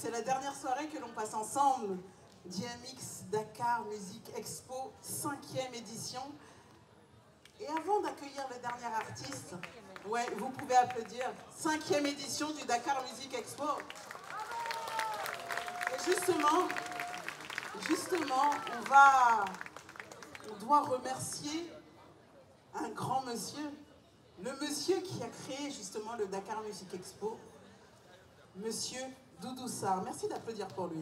c'est la dernière soirée que l'on passe ensemble. DMX Dakar Music Expo, 5e édition. Et avant d'accueillir le dernier artiste, ouais, vous pouvez applaudir, 5 édition du Dakar Music Expo. Et justement, justement, on va, on doit remercier un grand monsieur, le monsieur qui a créé justement le Dakar Music Expo, monsieur Doudou Sarr. Merci d'applaudir pour lui.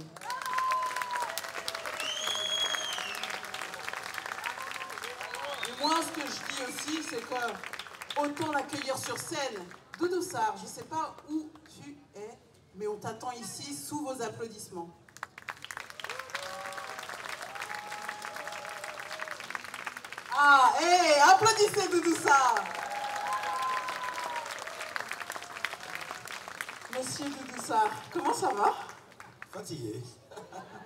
Et moi, ce que je dis aussi, c'est que autant l'accueillir sur scène. Doudou Sarr, je ne sais pas où tu es, mais on t'attend ici sous vos applaudissements. Ah, hé, applaudissez Doudou Monsieur Doudoussard, comment ça va Fatigué.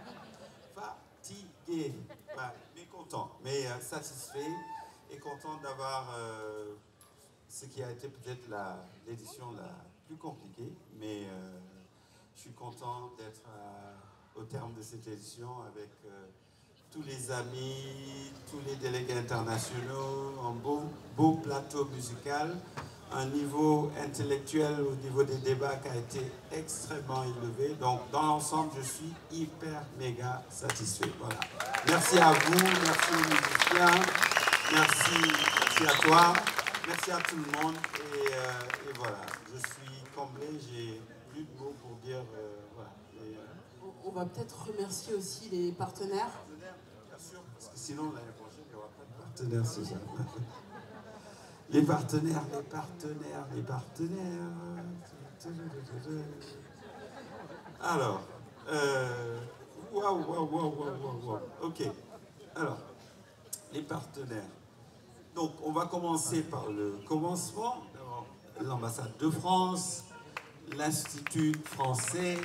Fatigué. Bah, mais content, mais euh, satisfait et content d'avoir euh, ce qui a été peut-être l'édition la, plus compliquée. Mais euh, je suis content d'être au terme de cette édition avec tous les amis, tous les délégués internationaux, un beau, beau plateau musical un niveau intellectuel au niveau des débats qui a été extrêmement élevé. Donc, dans l'ensemble, je suis hyper, méga satisfait. Voilà. Merci à vous, merci aux musiciens, merci, à toi, merci à tout le monde. Euh, et, voilà, je suis comblé, j'ai plus de mots pour dire. Euh, euh, on va peut-être remercier aussi les partenaires. partenaires, bien sûr, parce que sinon, l'année prochaine, il n'y aura pas de partenaires, c'est Les partenaires, les partenaires, les partenaires. Alors, euh, waouh, waouh, waouh, waouh, waouh. Ok. Alors, les partenaires. Donc, on va commencer par le commencement. L'ambassade de France, l'Institut français,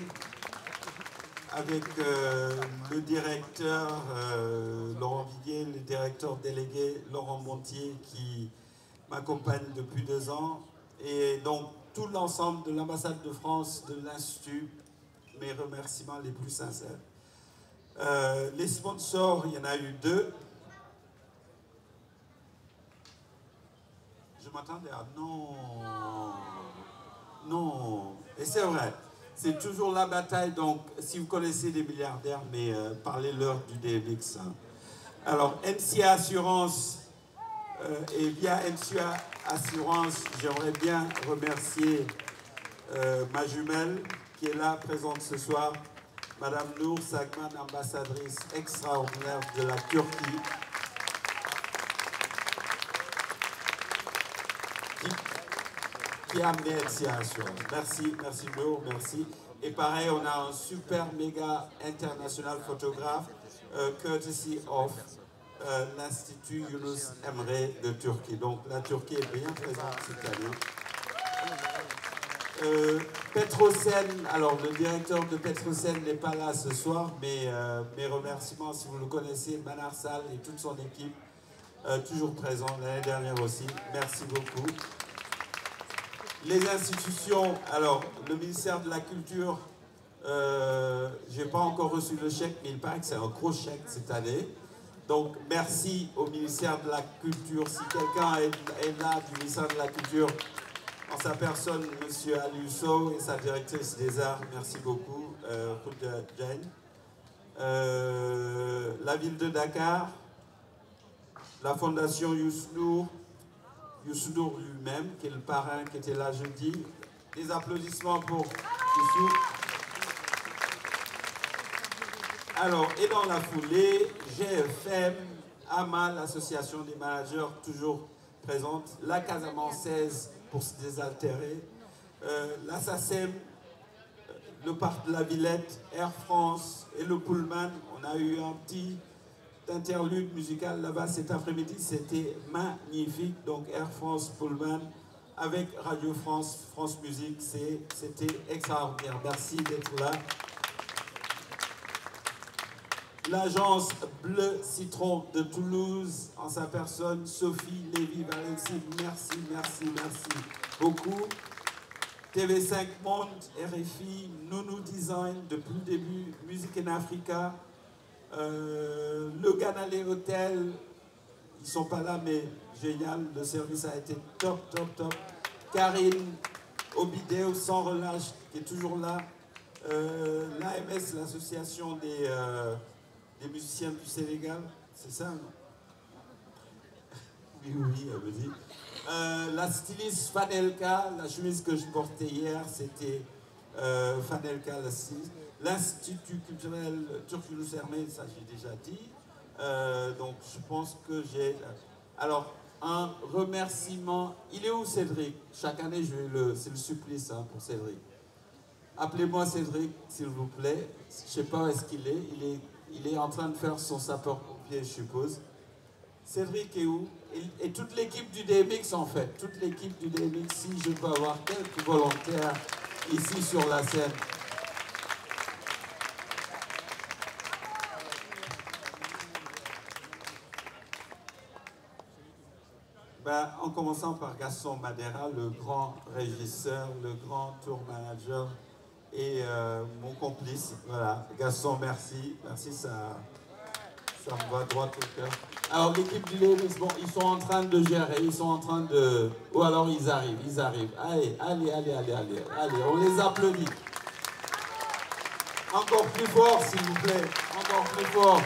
avec euh, le directeur euh, Laurent Viguier, le directeur délégué Laurent Montier qui compagne depuis deux ans. Et donc, tout l'ensemble de l'ambassade de France, de l'Institut, mes remerciements les plus sincères. Euh, les sponsors, il y en a eu deux. Je m'attendais à non. Non. Et c'est vrai. C'est toujours la bataille. Donc, si vous connaissez des milliardaires, mais euh, parlez-leur du DMX. Hein. Alors, NCA Assurance, euh, et via MCA Assurance, j'aimerais bien remercier euh, ma jumelle qui est là, présente ce soir, Madame Nour Sagman, ambassadrice extraordinaire de la Turquie, qui, Merci, merci Nour, merci. Et pareil, on a un super méga international photographe, euh, courtesy of euh, l'Institut Yunus Emre de Turquie. Donc la Turquie est bien présente cette année. Euh, Petrosen, alors le directeur de Petrosen n'est pas là ce soir, mais euh, mes remerciements si vous le connaissez, Manarsal et toute son équipe, toujours présents l'année dernière aussi. Merci beaucoup. Les institutions, alors le ministère de la Culture, je n'ai pas encore reçu le chèque, mais il c'est un gros chèque cette année. Donc, merci au ministère de la Culture. Si quelqu'un est, là du ministère de la Culture, en sa personne, M. Alusso et sa directrice des arts, merci beaucoup, euh, euh la ville de Dakar, la fondation Yousnour, Yousnour lui-même, qui est le parrain qui était là jeudi. Des applaudissements pour Youssou. Alors, et dans la foulée, GFM, AMA, l'association des managers toujours présente, la Casamance pour se désaltérer, euh, la SACEM, le parc de la Villette, Air France et le Pullman. On a eu un petit interlude musical là-bas cet après-midi, c'était magnifique. Donc Air France, Pullman, avec Radio France, France Musique, c'était extraordinaire. Merci d'être là l'agence Bleu Citron de Toulouse, en sa personne, Sophie lévy Merci, merci, merci beaucoup. TV5 Monde, RFI, Nounou Design, depuis le début, Musique in Africa, euh, le Ganalais Hotel, ils sont pas là, mais génial, le service a été top, top, top. Karine Obideo, sans relâche, qui est toujours là. Euh, L'AMS, l'association des... Euh, des musiciens du Sénégal, c'est ça non Oui, oui, elle me dit. Euh, la styliste Fadelka, la chemise que je portais hier, c'était euh, Fadelka L'Institut culturel Turculus Hermé, ça j'ai déjà dit. Euh, donc je pense que j'ai... Alors, un remerciement. Il est où Cédric Chaque année, je le... c'est le supplice hein, pour Cédric. Appelez-moi Cédric, s'il vous plaît. Je ne sais pas où est-ce qu'il est. Il est il est en train de faire son sapeur-pompier, je suppose. Cédric est où et, toute l'équipe du DMX, en fait. Toute l'équipe du DMX, si je peux avoir quelques volontaires ici sur la scène. Ben, en commençant par Gaston Madera, le grand régisseur, le grand tour manager et euh, mon complice. Voilà, Gaston, merci. Merci, ça, me va droit au cœur. Alors, l'équipe du Lévis, bon, ils sont en train de gérer, ils sont en train de... Ou alors, ils arrivent, ils arrivent. Allez, allez, allez, allez, allez, allez, on les applaudit. Encore plus fort, s'il vous plaît. Encore plus fort.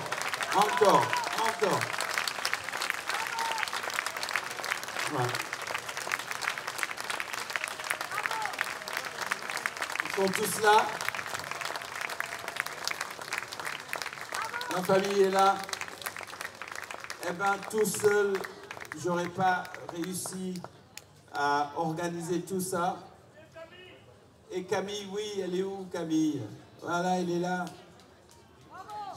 Encore, encore. Tous tout cela. La famille est là. Eh bien, tout seul, j'aurais pas réussi à organiser tout ça. Et Camille, oui, elle est où, Camille Voilà, elle est là.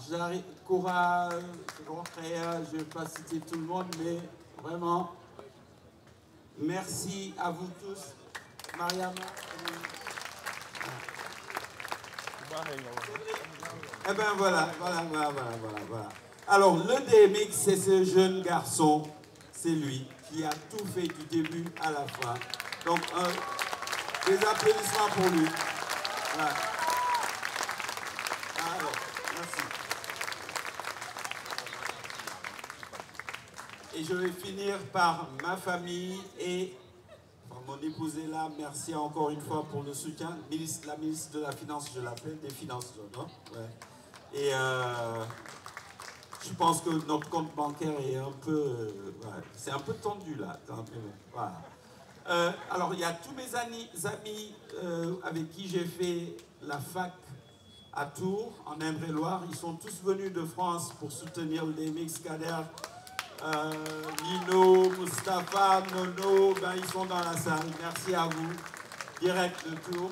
J'arrive, grand je ne vais pas citer tout le monde, mais vraiment, merci à vous tous. Mariama. Eh bien voilà, voilà, voilà, voilà, Alors le DMX, c'est ce jeune garçon, c'est lui qui a tout fait du début à la fin. Donc des applaudissements pour lui. Alors, merci. Et je vais finir par ma famille et mon épouse là. Merci encore une fois pour le soutien. Ministre, la ministre de la Finance, je l'appelle, des Finances, Et euh, je pense que notre compte bancaire est un peu... Euh, c'est un peu tendu, là. Euh, alors, il y a tous mes amis, amis avec qui j'ai fait la fac à Tours, en Indre-et-Loire. Ils sont tous venus de France pour soutenir les Mix Nino, euh, Mustapha, Nono, ben, ils sont dans la salle. Merci à vous. Direct de tour.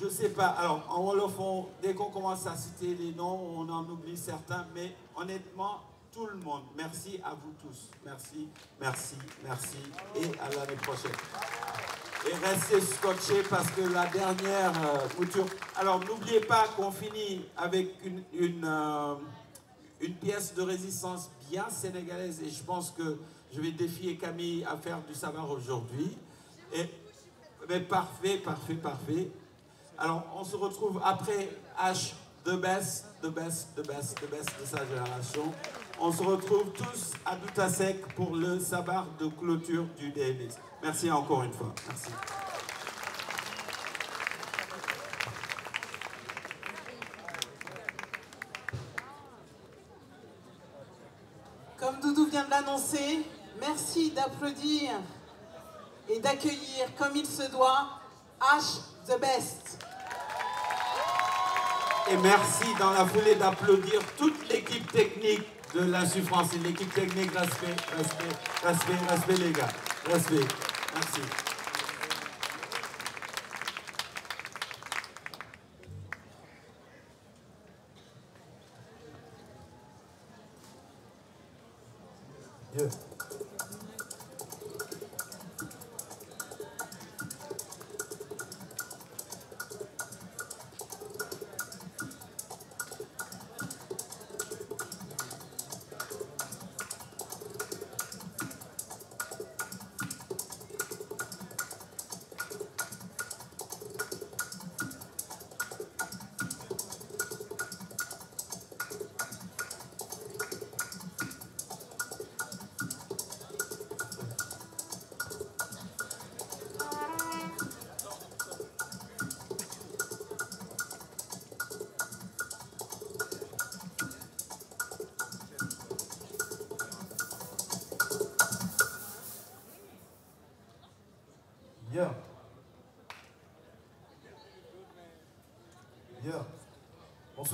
Je ne sais pas. Alors, en le fait dès qu'on commence à citer les noms, on en oublie certains, mais honnêtement, tout le monde. Merci à vous tous. Merci, merci, merci. Et à l'année prochaine. Et restez scotchés parce que la dernière euh, couture. Alors, n'oubliez pas qu'on finit avec une. Euh, une pièce de résistance bien sénégalaise et je pense que je vais défier Camille à faire du savoir aujourd'hui. Et, mais parfait, parfait, parfait. Alors, on se retrouve après H, de baisse, de baisse, de baisse, de baisse de sa génération. On se retrouve tous à Doutasek pour le sabar de clôture du dns Merci encore une fois. Merci. merci d'applaudir et d'accueillir comme il se doit H The Best. Et merci dans la foulée d'applaudir toute l'équipe technique de la souffrance et l'équipe technique, respect, respect, respect, respect les gars, respect, merci.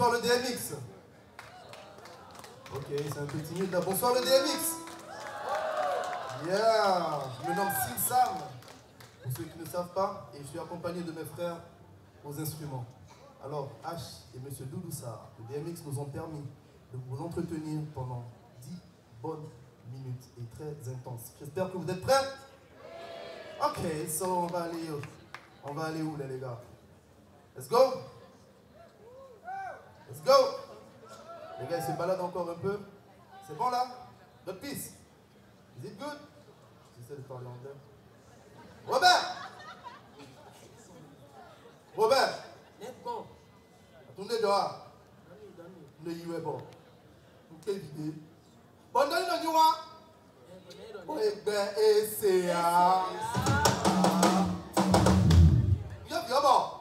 Bonsoir le DMX. Ok, c'est un petit timide là. Bonsoir le DMX. Yeah, je me nomme Sam. Pour ceux qui ne savent pas, et je suis accompagné de mes frères aux instruments. Alors, H et Monsieur Doudoussard, le DMX nous ont permis de vous entretenir pendant 10 bonnes minutes et très intenses. J'espère que vous êtes prêts Ok, so on va aller, on va aller où là les gars Let's go Let's go Les gars, ils se baladent encore un peu. C'est bon là Notre piste Is it good de Robert Robert Let's go Tournez dehors. Ne y est bon. quelle idée ben, Bon, donne euh. bon.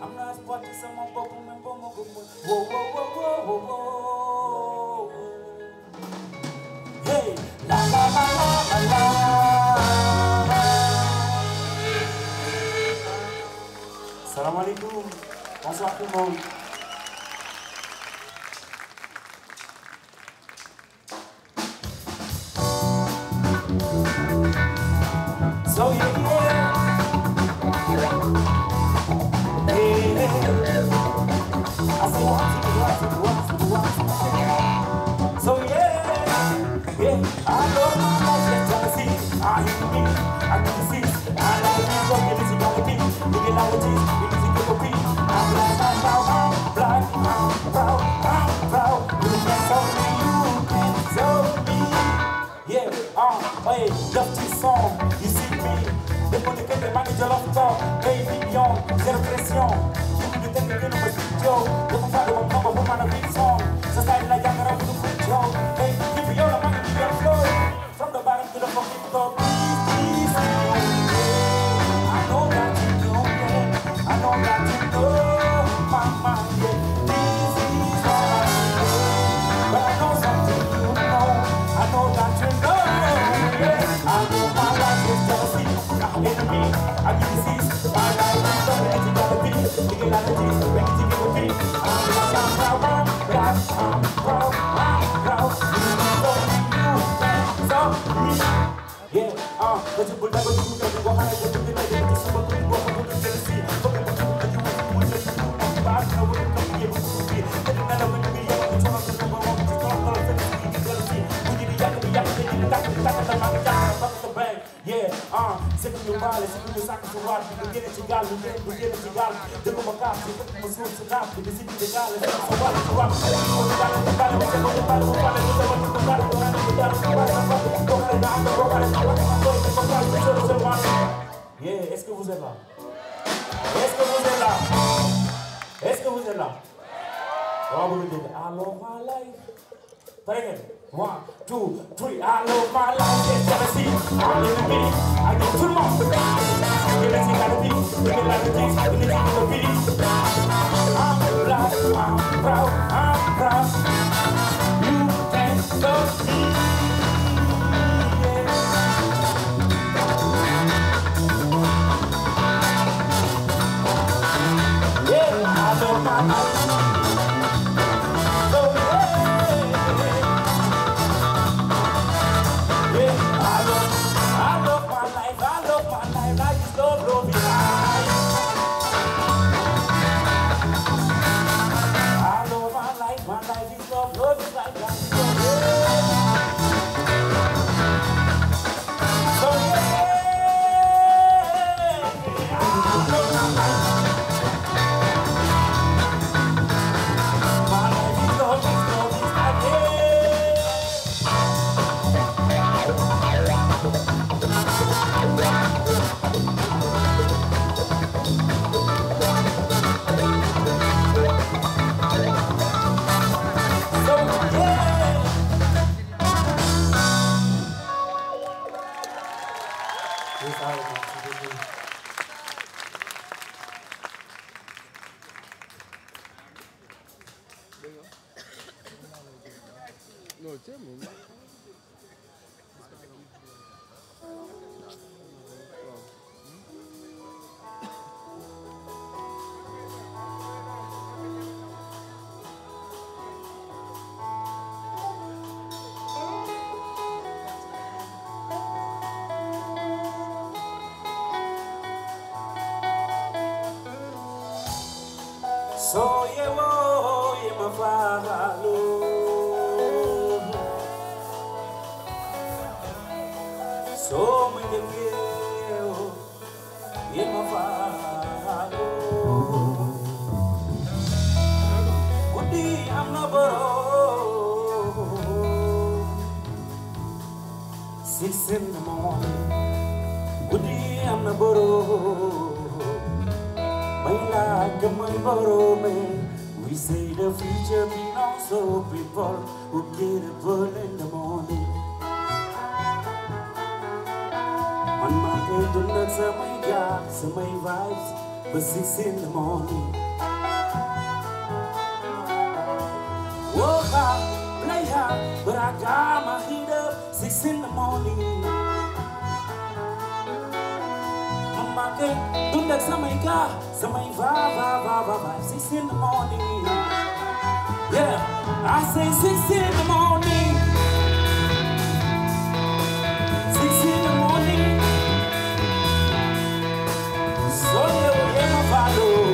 Assalamualaikum, платит So you Hey, love to song, you see me. The de manager million, pression. Yeah, uh, sipping your body, sipping your sock. Yeah, est-ce que vous êtes là? Est-ce que vous êtes là? Est-ce que vous êtes là? Alors, life. Très bien. One, two, three. I love my life, yes, see? I live in pity. I go to the mall. Everything got to be. Living like a king. Living like a pity. I'm black. I'm proud. I'm proud. You can't stop Yeah, I love my life. So So soyewo yemafalo somwenyewo yemafalo gudi amnaboro six in the morning gudi amnaboro baila gamma we say the future belongs to people Who get up early in the morning On Monday do not say we got some vibes But six in the morning Work hard, play hard But I got my heat up six in the morning marqué Don't some car Some va, va, va, va, va Six in the morning Yeah I say six in the morning Six in the morning Solo eu olhei no valor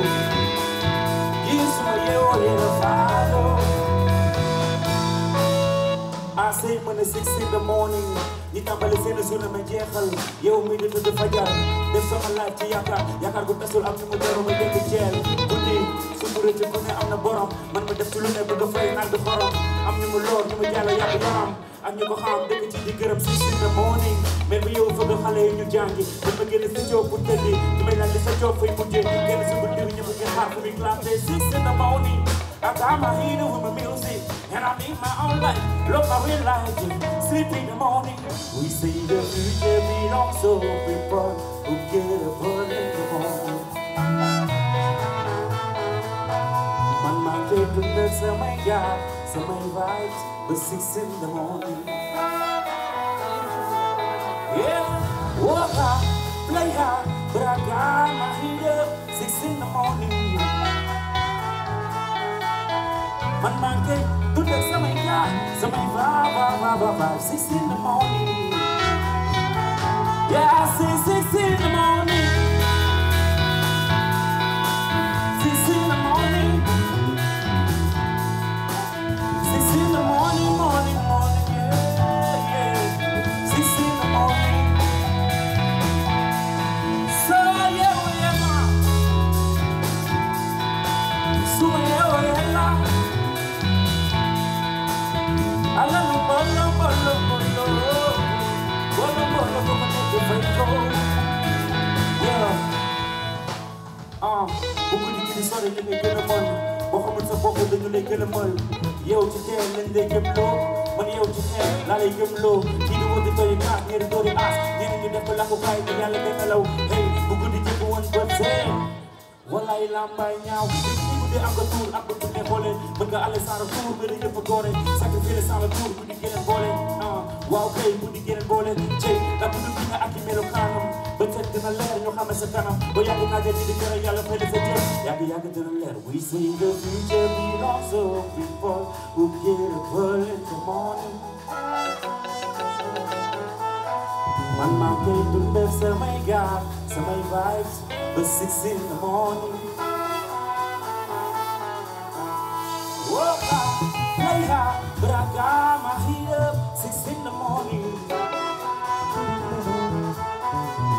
I say when it's six in the morning ñi tàmbali seen journée ma jeexal yow mi di tudd fajar def sama laaj ci yaakaar yaakaar gu tasul am ñu mu teeru ma dégg ceel guddi su mu rëcc ku ne am na borom man ma def ci lu ne bëgg a fay naan di xorom am ñu mu loor ñu mu jàll yàgg yaram ak ñu ko xam dëkk ci di gërëm si in the morning mais bu yow fëgg xale yi ñu jàngi ba ma génn sa coow bu tëddi du may laaj sa coow fay mujjee génn si guddi ñëpp ngeen xaar fu muy classé six in the morning I got my heat on with my music can I live my own life? Look, I realize it. Sleep in the morning. We see the future belongs to people who get up early in the morning. My mind can kid, goodness, so many God, so many vibes but six in the morning. Yeah, walk hard, play hard, but I got my heat up six in the morning. Man, my kid, việc ra mày ra ra mày va va va six in the morning yeah six six in the morning di sori ñu ngi gën a mën boo xamul sa bopp dañu lay gën a mën yow ci teel lañ lay gëm loo man yow ci teel laa lay gëm loo kii di wóor di doy kaas ñeeri doori aas ñeneen ñu def ko lakkukaay te yàlla day nelaw hey bu guddi ji bu woon bët see wallaay làmbaay ñaaw di am nga tuur ak bu ne boole mën nga ale saara tuur nga di ñëpp doore sacrifice saara tuur bu di gëneen boole ah, waaw kay bu di gëneen boole cey ndax bu du nga ak i melokaanam betrekt in leer, nog gaan met z'n pennen. leer. We sing the future belongs to people who get up in the morning. Man maakt geen doen, bef, ze mij gaat, so mij vibes, but six in the morning. Whoa, play hard, but I got my heat up, six in the morning.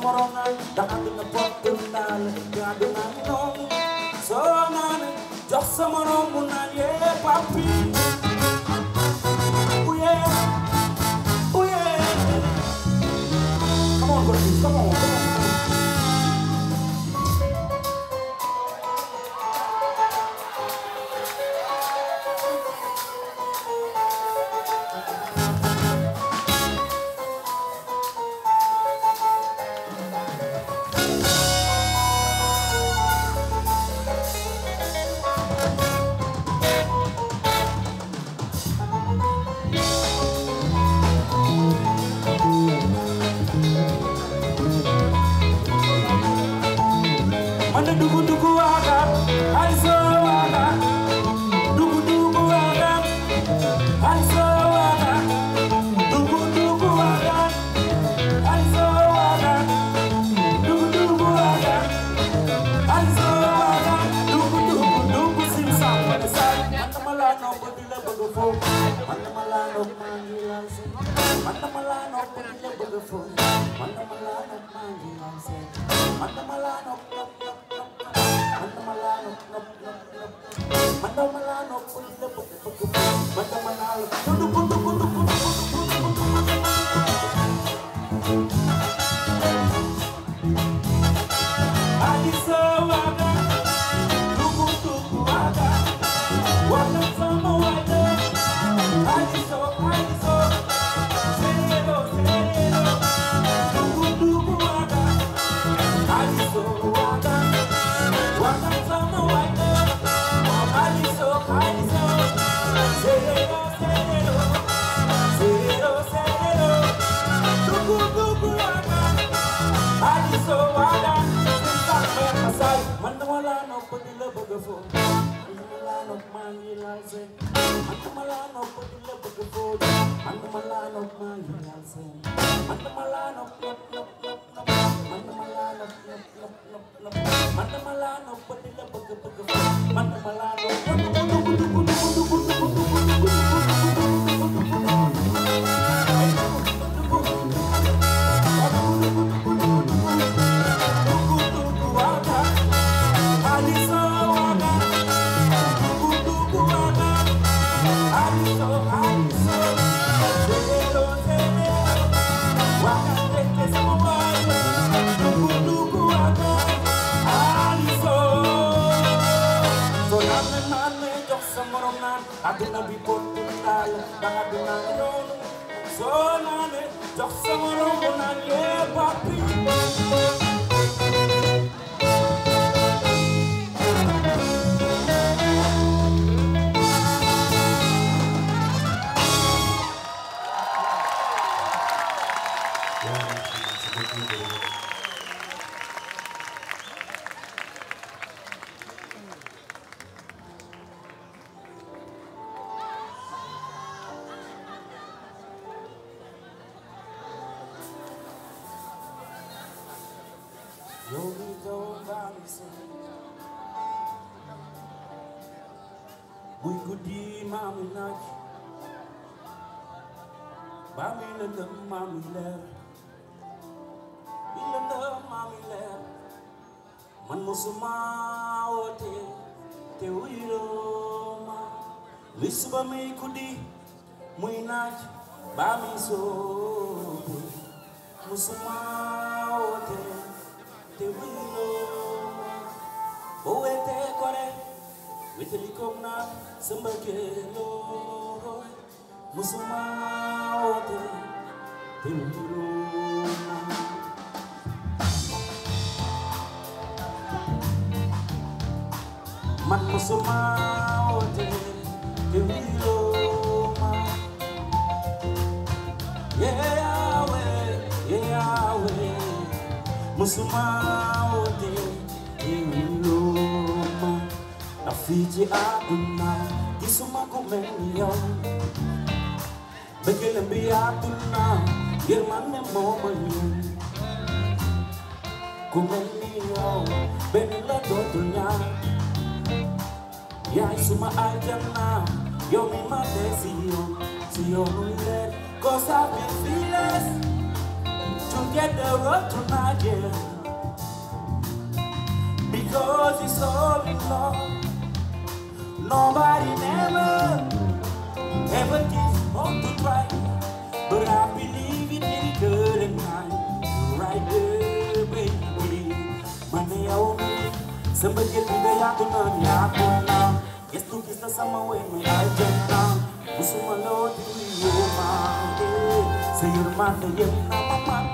na So papi oh, oh, Come on, go come on, come on ba may guddi muy naaj ba muy soobu musuma woote te wuyuloo boo weetee kore wetali koog naa sa mbëggee musuma woote te wuyuloo man musuma woote te wuyuloo Musuma ode Iuluma Na fiji aduna Kisuma kumenyo Begele mbi aduna Girmane momanyo Kumenyo Benila dodunya Ya isuma ajana Yo mi matesiyo Siyo nule Cosa bien files to get the road to my dear Because it's all in love Nobody never ever gives more to try But I believe it in good and kind Right there, baby Mane ya ome Somebody be the yakunan yakuna Yes, to kiss the summer way. we are jump down Musuma lo di yo ma Say you're my name,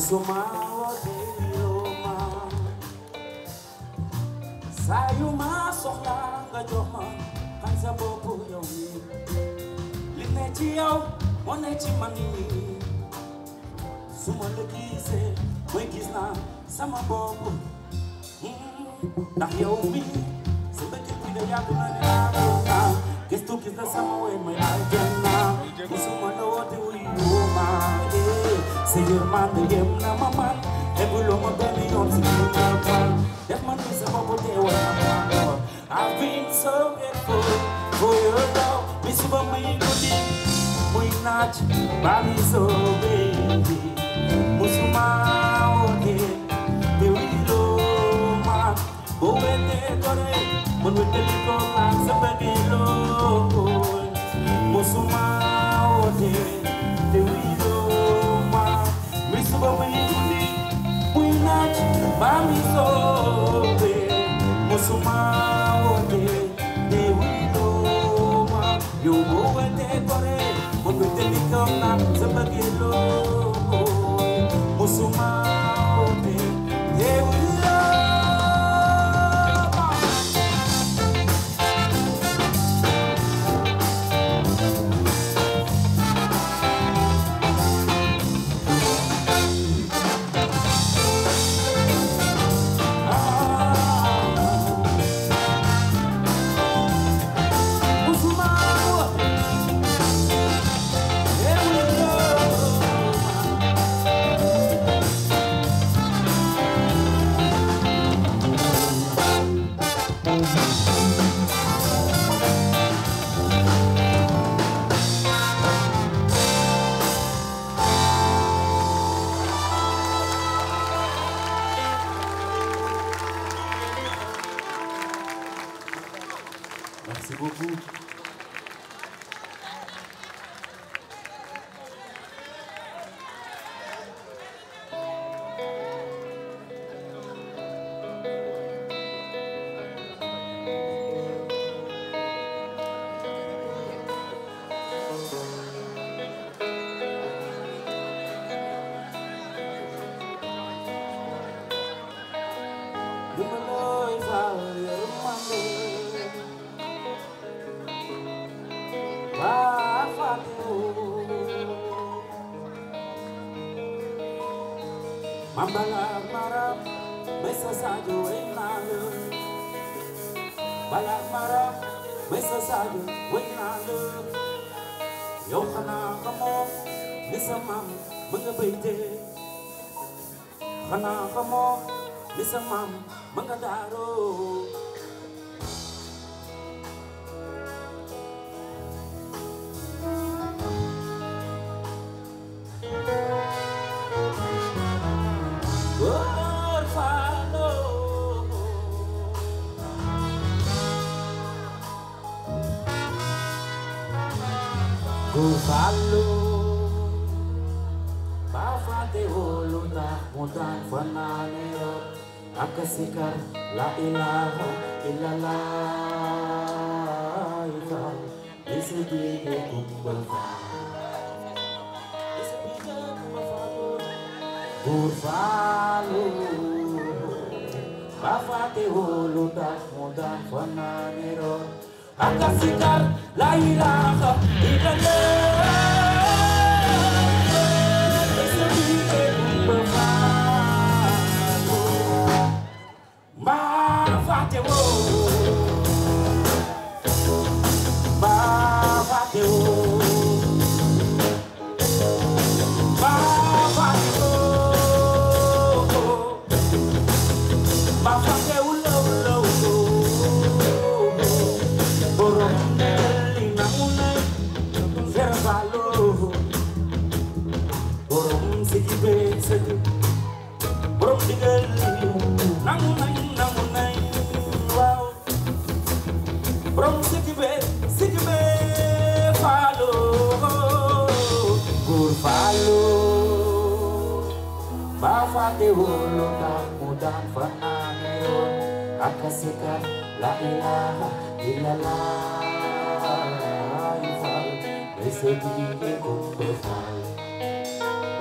consumá de Roma Sai é uma sorlanga de Roma Cansa pouco e eu Linete eu, monete mani Sumando quise, foi quis na Sama pouco Daqui hum, eu mi Sube que cuida e Que tu quis na sama ue mai agena Consumando I've been so grateful for you wewekuni winat mamisobe musumaode dewiloma yogowetekore obetelikona sebagelo musuma Mambala Mara, Mesa Sajo in Nando. Bala Mara, Mesa Sajo in Nando. Yohana Kamo, Misa Mam, Manga Bete. Hana Kamo, Misa Mam, Manga Daro. sikar La ilaha illallah Isi gini kukulta Burfalu Bafati hulu dak mudah fananiro Akasikar La ilaha illallah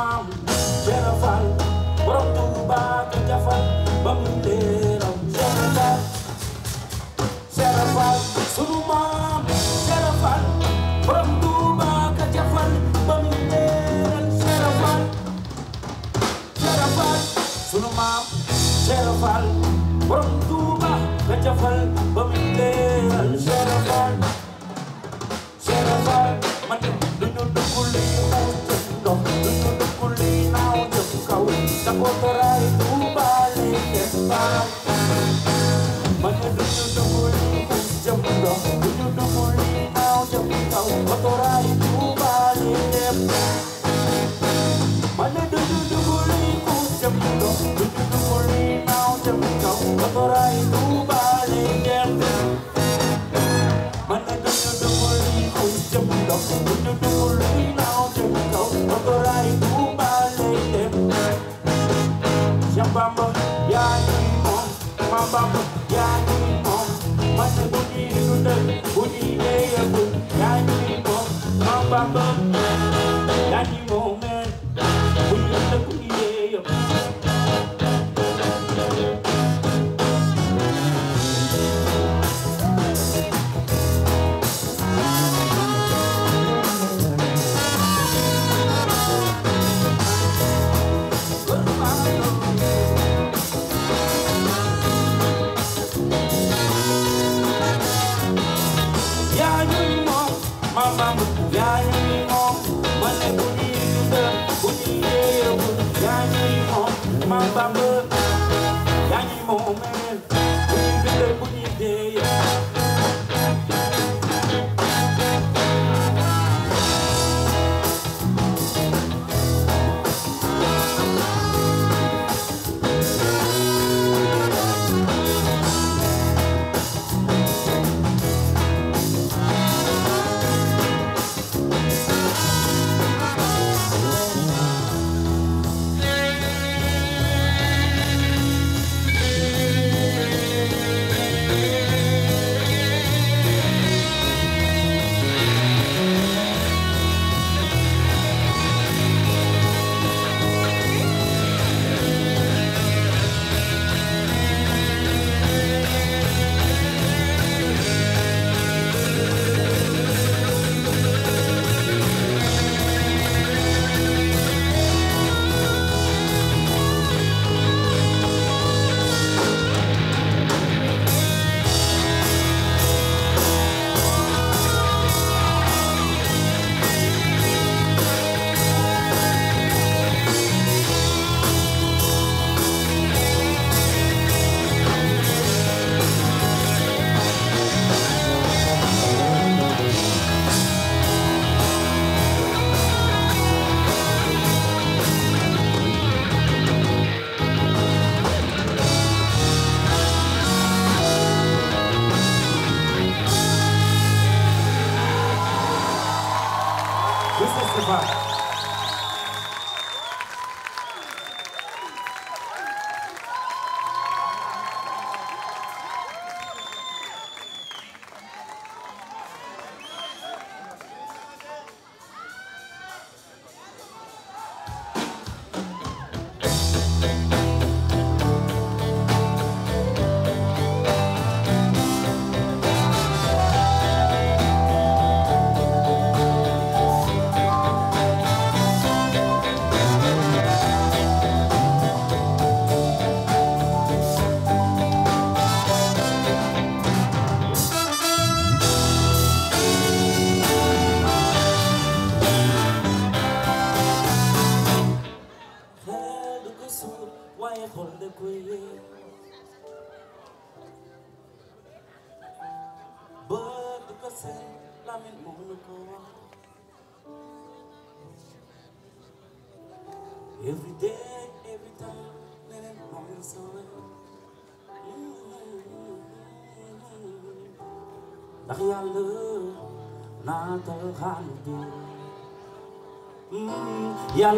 maam Cheikh Fall borom Tuuba ka jafal ba mu leeram Cheikh Fall Cheikh Fall sunu maam Cheikh Fall borom Tuuba ka jafal ba mu leeram Cheikh Fall Cheikh Fall sunu maam Cheikh Fall borom Tuuba ka jafal Bye-bye.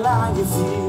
life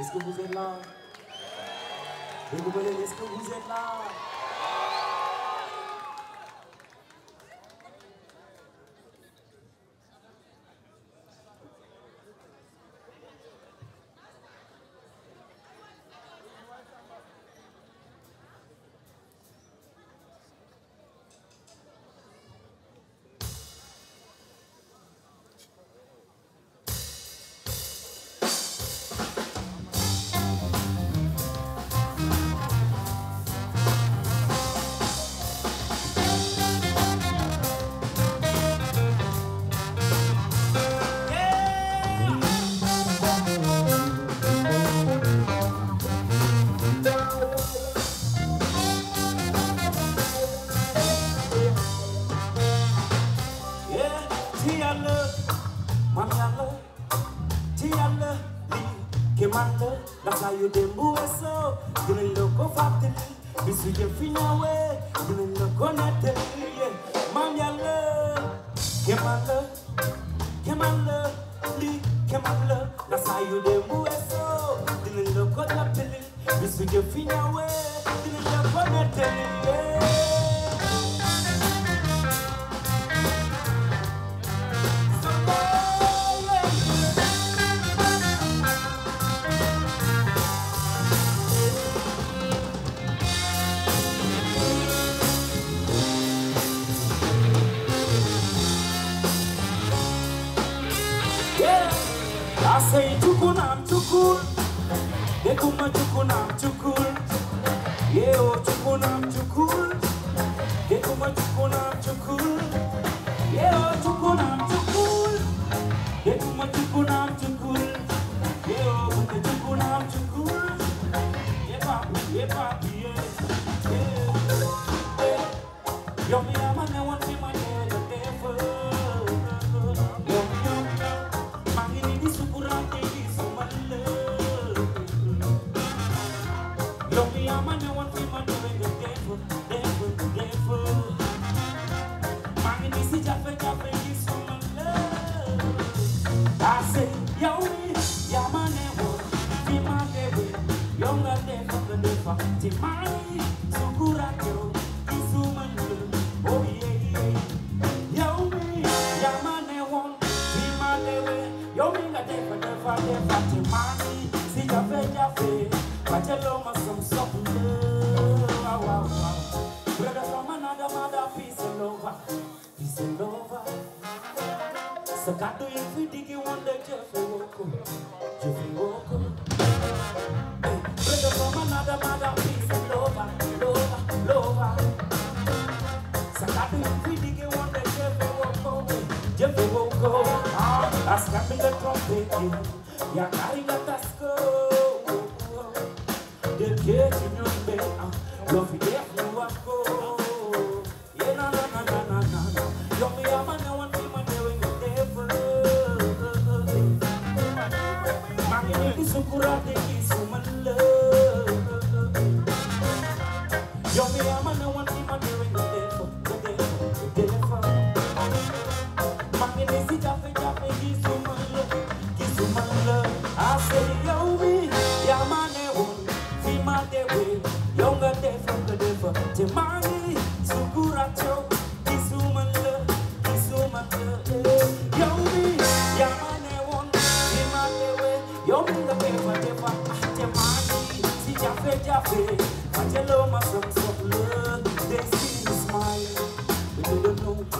est-ce que vous êtes là? Vous est-ce que vous êtes là? you dey move. Yeah, oh,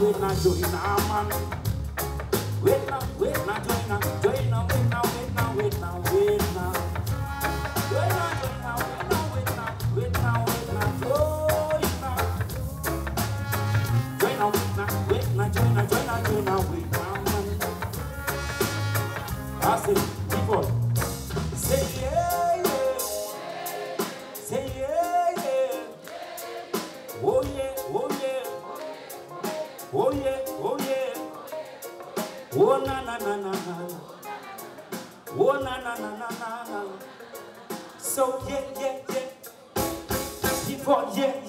not doing our Aman. So yeah, yeah, yeah. Keep on, yeah.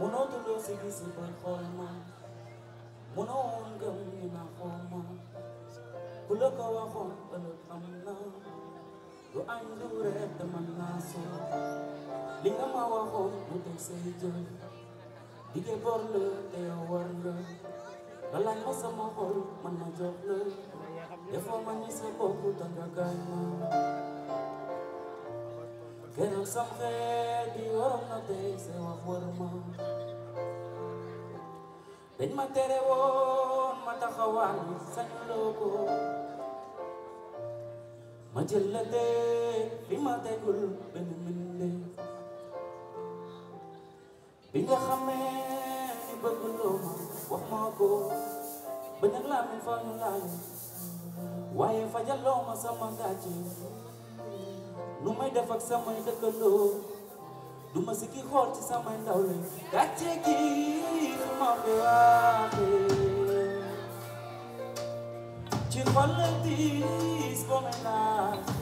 mënoo tuddoo si gis ba xool ma mënoo woon gëm ñu na xool ku la ko waxoon ëllëg xam na du añ du reer mën naa soo li nga ma waxoon bu teg say jëf dige bor te yow war la ma sama xol mën na jox la defoo ma ni sa bopp danga ma keroog sam xeet yi waroon na tey seen wax waruma dañ ma tere woon ma taxawaan sañ loo ma jël la teg fi ma tegul benn mbindee bi nga xamee ni bëgg loo wax ma ko ba laa mi fa ñu laaj waaye fajaloo ma sama gàcce nu mai da fac să mai da colo Nu mă zic hot să mai dau le Da ce ghid mă beave Ce fală dis comentate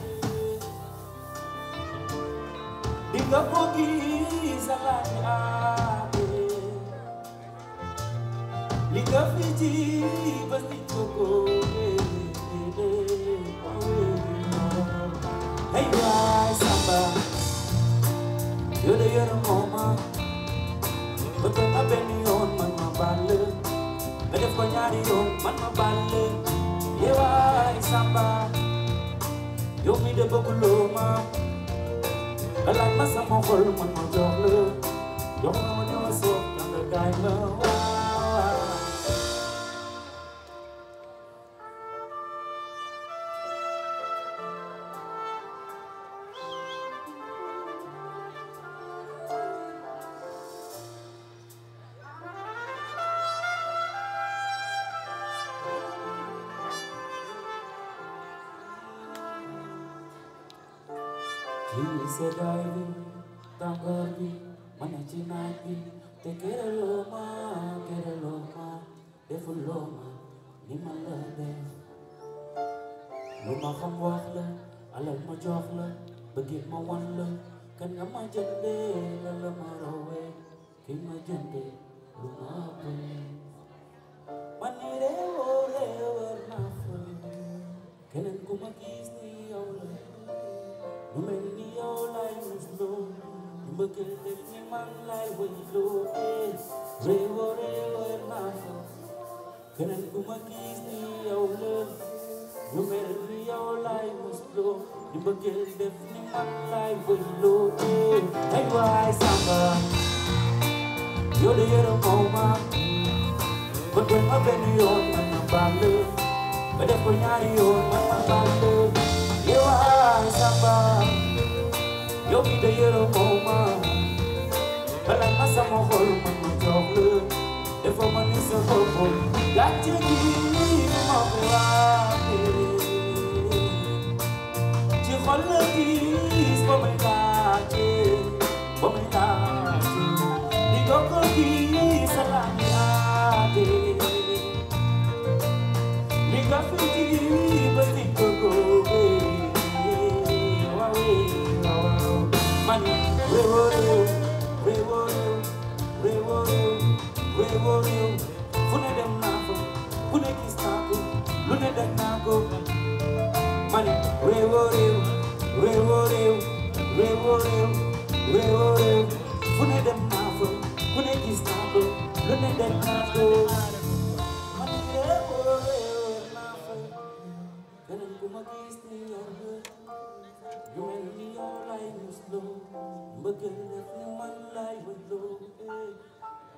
Diga pogiza la ave Liga fiji basti toko Vem pra samba Yoda yoda moma Bëgg na benn yoon man ma baal la nga def ko ñaari yoon man ma baal la yeewaay samba yow mi de bëgguloo ma nga laaj ma sama xol man ma jox la jox ma ma ñëw soo nga kaay ma waay لما لهنا لما خم واخلة على ما جاخلة بقيت ما ولا كان ما جندي لما روي كما جندي لما بي ماني ريو ريو نافل كان نكما كيسني أولا نمني أولا يزلو نمكلتني من لا يويلو ريو ريو نافل Querendo aqui de ao lado No meio de ao lai mostrou Nhưng mà kia đẹp nhưng mắt lại với lô ê Thấy vai samba Yo đi ở màu mà Vẫn quên ở bên đi hồn mà nằm bàn lư Và đẹp của nhà đi hồn mà nằm bàn lư Yo ai samba Yo đi đây ở màu mà Và lại mắt sang màu hồi mà nằm tròn lư e foi uma missão bobo Gatini mamulabe Ti rolandis bomenate bomenate Ni goko di salamiate Ni gafiti Mani, woo réew fu ne dem naa ko fu ne gis naa ko lu ne daj naa ko ma ne réewoo réew réewoo réew réewoo réew réewoo réew fu ne dem naa ko fu ne gis naa ko lu ne daj naa ko ma ne réewoo réew naa ko keneen ku ma gis ni yow yu mel ni yow lay musloo mbëggeel def ni man lay wëlloo